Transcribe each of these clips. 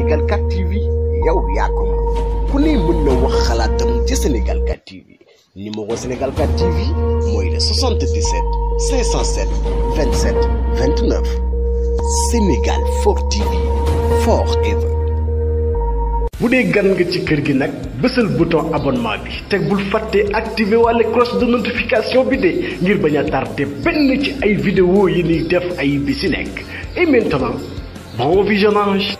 Sénégal 4 TV yow yakum. ko ku mën na wax xalaatam ci Sénégal 4 TV numéro Sénégal 4 TV moy le 77 507 27 29 Sénégal 4 TV forever. bu dee gan nga ci kër gi nag bésal bouton abonnement bi teg bul fàttee activé walla cloche de notification bi de ngir bañ a tardé benn ci ay vidéo yi ni def ay bi si nekk et maintenant bon visionnage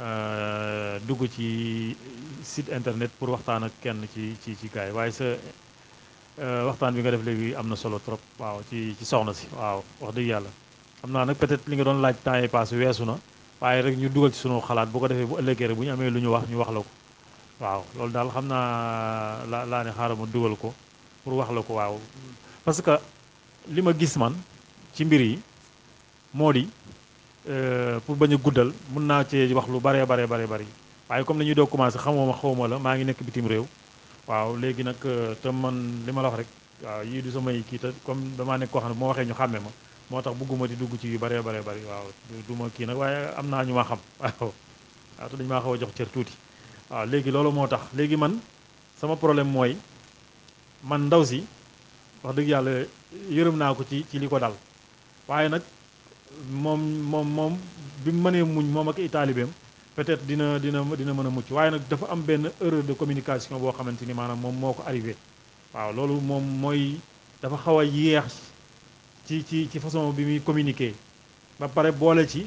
Euh, dugg ci sit internet pour waxtaan ak kenn ci ci ci gars waaye sa euh, waxtaan bi nga def léegi am na solo trop waaw ci ci soxna si waaw wax dëgg yàlla xam naa nag peut-être li nga doon laaj temps yi passé weesu na waaye rek ñu dugal ci sunu xalaat bu ko defee bu ëllëgee bu ñu amee lu ñu wax ñu wax la ko waaw loolu daal xam naa la laa ne xaaral ma dugal ko pour wax la ko waaw parce que li ma gis man ci mbir yi moo di Euh, pour bañ a guddal mun naa cee wax lu baree baree baree bari waaye comme nañuy doog commencé xamuma xawma la maa ngi nekk bitim réew waaw léegi nag euh, te man li ma la wax rek waaw yii du samay kii te comme damaa nekk koo xam ne bu ma waxee ñu xàmme ma moo tax bëgguma di dugg ci yu bare baree bari waaw du ma kii nag waaye am naa ñu ma xam waaw waaw te dañ maa xaw a jox cër tuuti waaw léegi loolu moo tax léegi man sama problème mooy man ndaw si wax dëgg yàlla yërëm naa ko ci ci li ko dal moom moom moom bi mu nee muñ moom ak i taalibeem peut-être dina dina dina mën a mucc waaye nag dafa am benn erreur de communication boo xamante ni maanaam moom moo ko arrivé waaw loolu moom mooy dafa xaw a yéex ci ci ci façon bi muy communiquer ba pare boole ci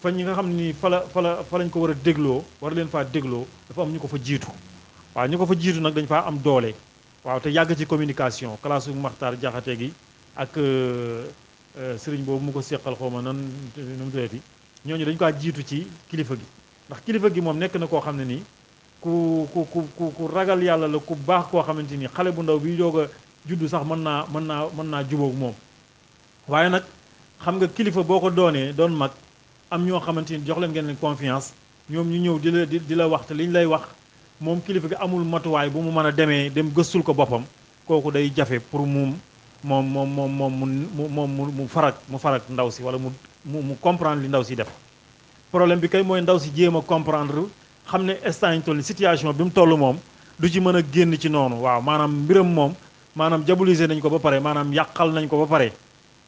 fa ñi nga xam ni fa la fa la fa lañ ko war a dégloo war leen faa dégloo dafa am ñu ko fa jiitu waaw ñu ko fa jiitu nag dañ faa am doole waaw te yàgg ci communication classe bu Maxtaar Jaxate gi ak euh, Euh, sëriñ boobu mu ko seqal xaw ma nan nu mu tuddati ñooñu dañu kaa jiitu ci kilifa gi ndax kilifa gi moom nekk na koo xam ne nii ku ku ku ku ragal yàlla la ku baax koo xamante ni xale bu ndaw bi doog a juddu sax mën naa mën naa mën naa jubóog moom waaye nag xam nga kilifa boo ko doonee doon mag am ñoo xamante ni jox leen ngeen leen confiance ñoom ñu ñëw di la di la wax te li ñu lay wax moom kilifa gi amul matuwaay bu mu mën a demee dem gëstul ko boppam kooku day jafe pour moom moom moom moom moom mu mu mu farak mu farak ndaw si wala mu mu mu comprendre li ndaw si def problème bi kay mooy ndaw si jéem a comprendre xam ne instant yi situation bi mu toll moom du ci mën a génn ci noonu waaw maanaam mbiram moom maanaam diaboliser nañ ko ba pare maanaam yàqal nañ ko ba pare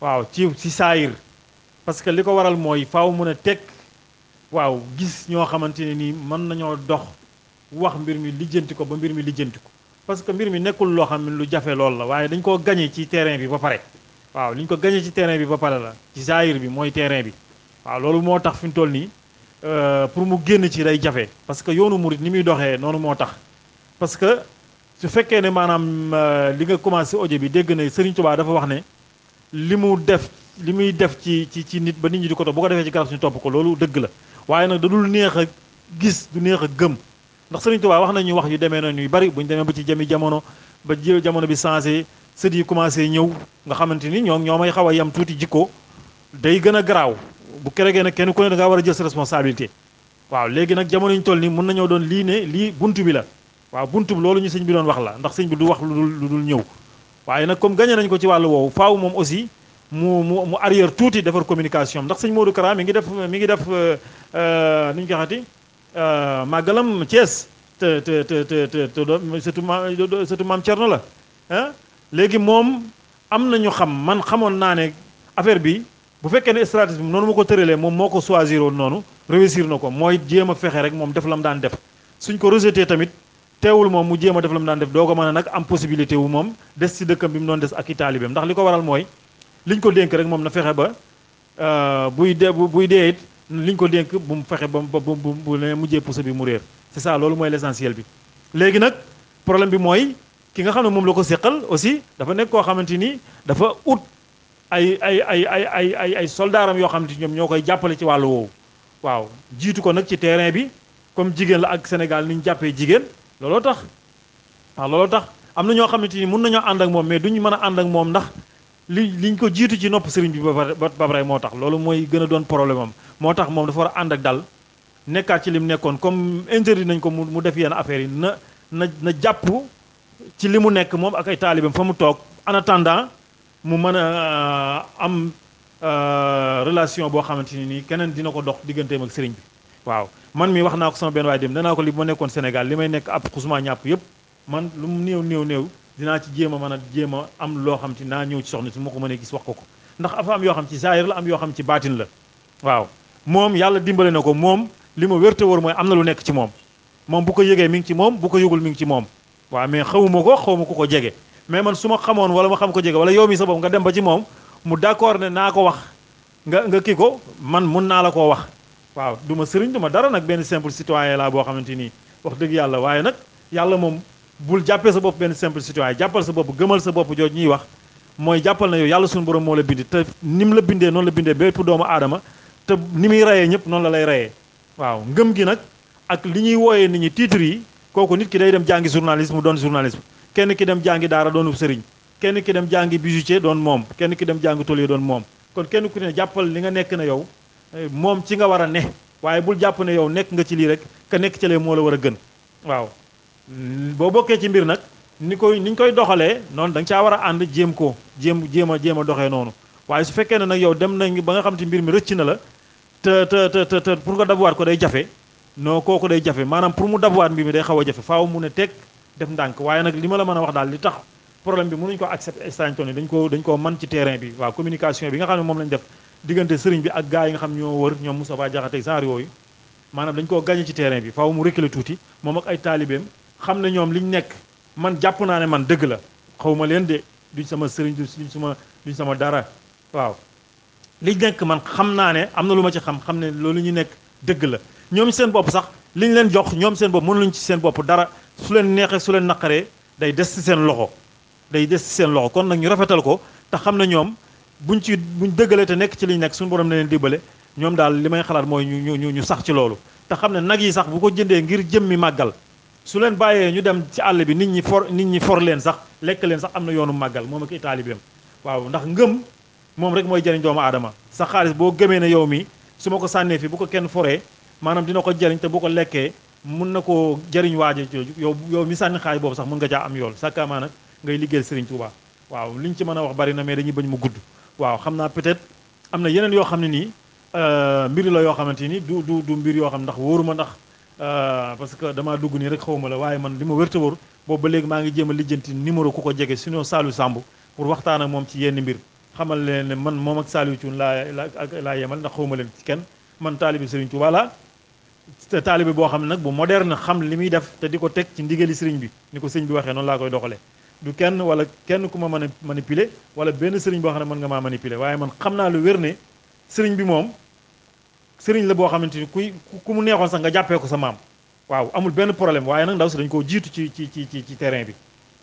waaw ci si saayir parce que li ko waral mooy faw mun a teg waaw gis ñoo xamante ne nii mën nañoo dox wax mbir mi lijjanti ko ba mbir mi lijjanti ko parce que mbir mi nekkul loo xam ne lu jafe lool la waaye dañ koo gañe ci terrain bi ba pare waaw li ñu ko gañe ci terrain bi ba pare la ci saayir bi mooy terrain bi waaw loolu moo tax fi mu toll nii euh, pour mu génn ci day jafe parce que yoonu murit ni muy doxee noonu moo tax parce que su fekkee ne maanaam euh, li nga commencé ojo bi dégg na Serigne Touba dafa wax ne li mu def li muy def ci ci ci nit ba nit ñi di ko topp bu ko defee ci garab suñu topp ko loolu dëgg la waaye nag da neex a gis du neex a gëm ndax Sëriñ Tuubaa wax nañu wax yu demee noonu yu bari bu ñu demee ba ci jëmi jamono ba ji jamono bi changé sët yi commencé ñëw nga xamante ni ñoom ñoo may xaw a yem tuuti jikko day gën a garaaw bu keregee ne kenn ku ne da ngaa war a jël sa responsabilité waaw léegi nag jamono ñu toll nii mën nañoo doon lii ne lii buntu bi la waaw buntu bi loolu ñu sëñ bi doon wax la ndax sëñ bi du wax lu dul lu dul ñëw waaye nag comme gagné nañ ko ci wàllu woowu faaw moom aussi mu mu mu arrière tuuti defar communication ndax sëñ Modou Kara mi ngi def mi ngi def euh, euh, nu ñu koy xati Euh, màggalam Thiès te te te te te sëtu maam sëtu maam Thierno la ah léegi moom am na ñu xam man xamoon naa ne affaire bi bu fekkee ne stratégie bi noonu ma ko tëralee moom moo ko choisir woon noonu réussir na ko mooy jéem a fexe rek moom def la mu daan def suñ ko rejeté tamit teewul moom mu jéem a def la mu daan def doo ko mën a nag am possibilité wu moom des ci dëkkam bi mu doon des ak i taalibeem ndax li ko waral mooy liñ ko dénk rek moom na fexe ba buy euh, de buy dee liñ ko denk bu mu fexe ba mu bu leen mujjee pousse bi mu réer c'est ça lolu moy l'essentiel bi. légui nak problème bi moy ki nga xamné mom lako sékkal aussi dafa nek ko xamanteni dafa out ay ay ay ay ay ay ay soldaaram yoo xamante ni ñoom ñoo ci walu wo waaw jitu ko nak ci terrain bi comme jigen la ak Sénégal ni ñu jàppee jigéen looloo tax waaw looloo tax amna ño xamanteni mën nañu and ak mom mais duñu mëna and ak mom ndax. li liñ ko jiitu ci nopp sëriñ bi ba ba moo tax loolu mooy gën a doon problème am moo tax moom dafa war a ànd ak dal nekkaat ci lim nekkoon comme interdit nañ ko mu def yenn affaire yi na na na jàpp ci li mu nekk moom ak ay taalibam fa mu toog en attendant mu mën a euh, am euh, relation boo xamante ni nii keneen dina ko dox digganteem ak sëriñ bi waaw man mi wax naa ko sama benn waay dem danaa ko li ma nekkoon Sénégal li may nekk ab xusuma ñàpp yëpp man lu mu néew néew néew dinaa ci jéem a mën a jéem am loo xam ci naa ñëw ci soxna si ma ko mënee gis wax ko ko ndax dafa am yoo xam ci zaahir la am yoo xam ci baatin la waaw moom yàlla dimbali na ko moom li ma wérte wóor mooy am na lu nekk ci moom moom bu ko yëgee mi ngi ci moom bu ko yëgul mi ngi ci moom waaw mais xawuma ko xawuma ku ko jege mais man su ma xamoon wala ma xam ko jege wala yow mi sa bopp nga dem ba ci moom mu d'accord ne naa ko wax nga nga kii ko man mun naa la koo wax waaw du ma sëriñ du ma dara nag benn simple citoyen laa boo xamante nii wax dëgg yàlla waaye nag yàlla moom bul jàppee sa bopp benn simple citoyen jàppal sa bopp gëmal sa bopp jooju ñuy wax mooy jàppal na yow yàlla suñu borom moo la bindi te ni mu la bindee noonu la bindee bépp doomu aadama te ni muy rayee ñëpp noonu la lay reyee waaw ngëm gi nag ak li ñuy wooyee nit ñi titre yi kooku nit ki day dem jàngi journalisme doon journalisme kenn ki dem jàngi daara doonu sëriñ kenn ki dem jàngi bijoutier doon moom kenn ki dem jàngi tôlier doon moom kon kenn ku ne jàppal li nga nekk na yow eh, moom ci nga war a ne waaye bul jàpp ne yow nekk nga ci lii rek ka nekk ci lee moo la war a gën waaw Mm, boo bokkee ci mbir nag ni koy ni ñu koy doxalee noonu da nga caa war a ànd jéem ko jéem jéem a jéem a doxee noonu waaye su fekkee ne nag yow dem nañ ba nga xam te mbir mi rëcc na la te te te te pour nga dabuwaat ko day jafe non kooku day jafe maanaam pour mu dabuwaat mbir mi xaw a jafe faaw mu ne teg def ndànk waaye nag li ma la mën a wax daal li tax problème bi mënuñu ko accepté instantané dañ ko dañ koo mën ci terrain bi waaw communication bi nga xam ne moom lañ def diggante sëriñ bi ak gars yi nga xam ñoo wër ñoom Moustapha Diakhaté genre yooyu maanaam dañ koo ci terrain bi faaw mu reculer tuuti moom ay taalibeem xam ne ñoom liñ nekk man jàpp naa ne man dëgg la xaw ma leen de duñ sama sëriñ duñ sama duñ sama dara waaw liñ nekk man xam naa ne am na lu ma ci xam xam ne loolu ñu nekk dëgg la ñoom seen bopp sax liñ leen jox ñoom seen bopp mënuluñ ci seen bopp dara su leen neexee su leen naqaree day des ci seen loxo day des ci seen loxo kon nag ñu rafetal ko te xam ne ñoom buñ ci buñ dëggalee te nekk ci liñ nekk suñu borom ne leen dimbale ñoom daal li may xalaat mooy ñu ñu ñu sax ci loolu te xam ne nag yi sax bu ko jëndee ngir jëmmi màggal su leen bàyyee ñu dem ci àll bi nit ñi for nit ñi for leen sax lekk leen sax am na yoonu màggal moom ak i taalibeem waaw ndax ngëm moom rek mooy jëriñ doomu aadama sa xaalis boo gëmee ne yow mi su ma ko sànnee fi bu ko kenn foree maanaam dina ko jëriñ te bu ko lekkee mun na koo jëriñ waaje jooju yow yow mi sànni xaalis boobu sax mun nga caa am yool sàkkaamaa nag ngay liggéeyal Serigne Touba waaw liñ ci mën a wax bari na mais dañuy bañ mu gudd waaw xam naa peut-être am na yeneen yoo xam ne nii euh, mbir la yoo xamante ni du du du mbir yoo xam ndax wóoruma ndax Euh, parce que damaa dugg nii rek xaw ma la waaye man li ma wérta wóor boobu ba léegi maa ngi jéem a lijjanti numéro ku ko jege sinon saalu Samb pour waxtaan ak moom ci yenn mbir xamal leen ne man moom ak Saliou Thioune laa ak laa yemal ndax xaw ma leen ci kenn man taalibi Serigne Touba laa te taalibi boo xam ne nag bu moderne xam li muy def te di ko teg ci ndigali sëriñ bi ni ko sëñ bi waxee noonu laa koy doxalee du kenn wala kenn ku ma mën a manipuler wala benn sëriñ boo xam ne mën nga maa manipuler waaye man xam naa wér ne sëriñ bi moom sering la boo xamante ni kuy ku mu neexoon sax nga jàppee ko sa maam waaw amul benn problème waaye nag ndaw si dañ koo jiitu ci ci ci ci terrain bi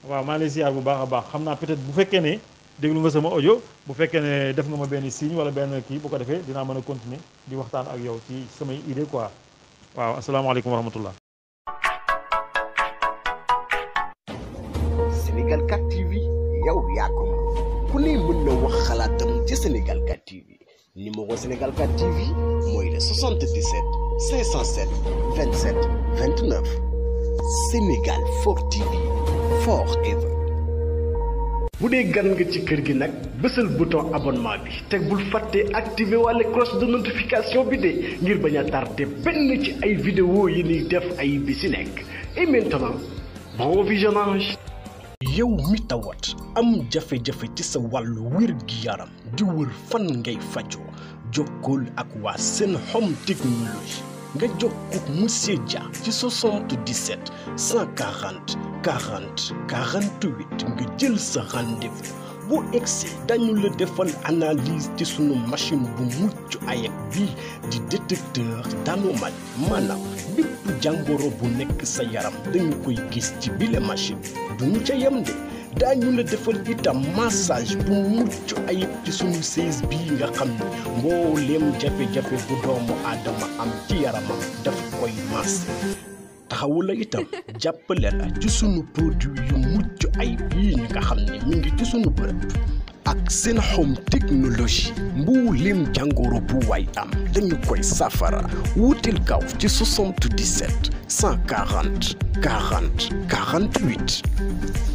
waaw maa ngi lay ziar bu baax a baax xam naa peut-être bu fekkee ne déglu nga sama audio bu fekkee ne def nga ma benn signe wala benn ki bu ko defee dinaa mën continuer di waxtaan ak yow ci samay idée quoi waaw asalaamaaleykum wa rahmatullah senegal 4 TV yow yaa ko ku ne mën na wax xalaatam ci senegal 4 TV numéro Sénégal 4 TV il 77 507 27 29 Sénégal 4 TV forever. Si vous gagner nga ci kër gi nag le bouton abonnement Et voulez bul fàtte la cloche de notification bi pouvez ngir tardé vidéo et maintenant bon visionnage. yow mi tawat am jafe-jafe ci sa wàllu wér gi yaram di wër fan ngay fajoo jokkool ak waa seen home technologie nga jokkoog monsieur Dia ci 77 140 40 48 nga jël sa rendez boo egsi dañu la defal analyse ci sunu machine bu mucc ayib bi di détecteur d'anomalie maanaam bépp jàngoro bu nekk sa yaram dañu koy gis ci bile machine duñu ca yem de daañu la defal itam massage bu mucc ayib ci sunu sées bii nga xam ne mbooleem jafe-jafe bu doomu aadama am ci yaramam daf koy massé taxawula la itam jàppale la ci sunu produit yu mucc ay yii nga xam ne mi ngi ci sunu bërëb ak seen home technologie mbuulim jàngoro bu waay am dañu koy saafara wuuteel kaw ci 77 140 40 48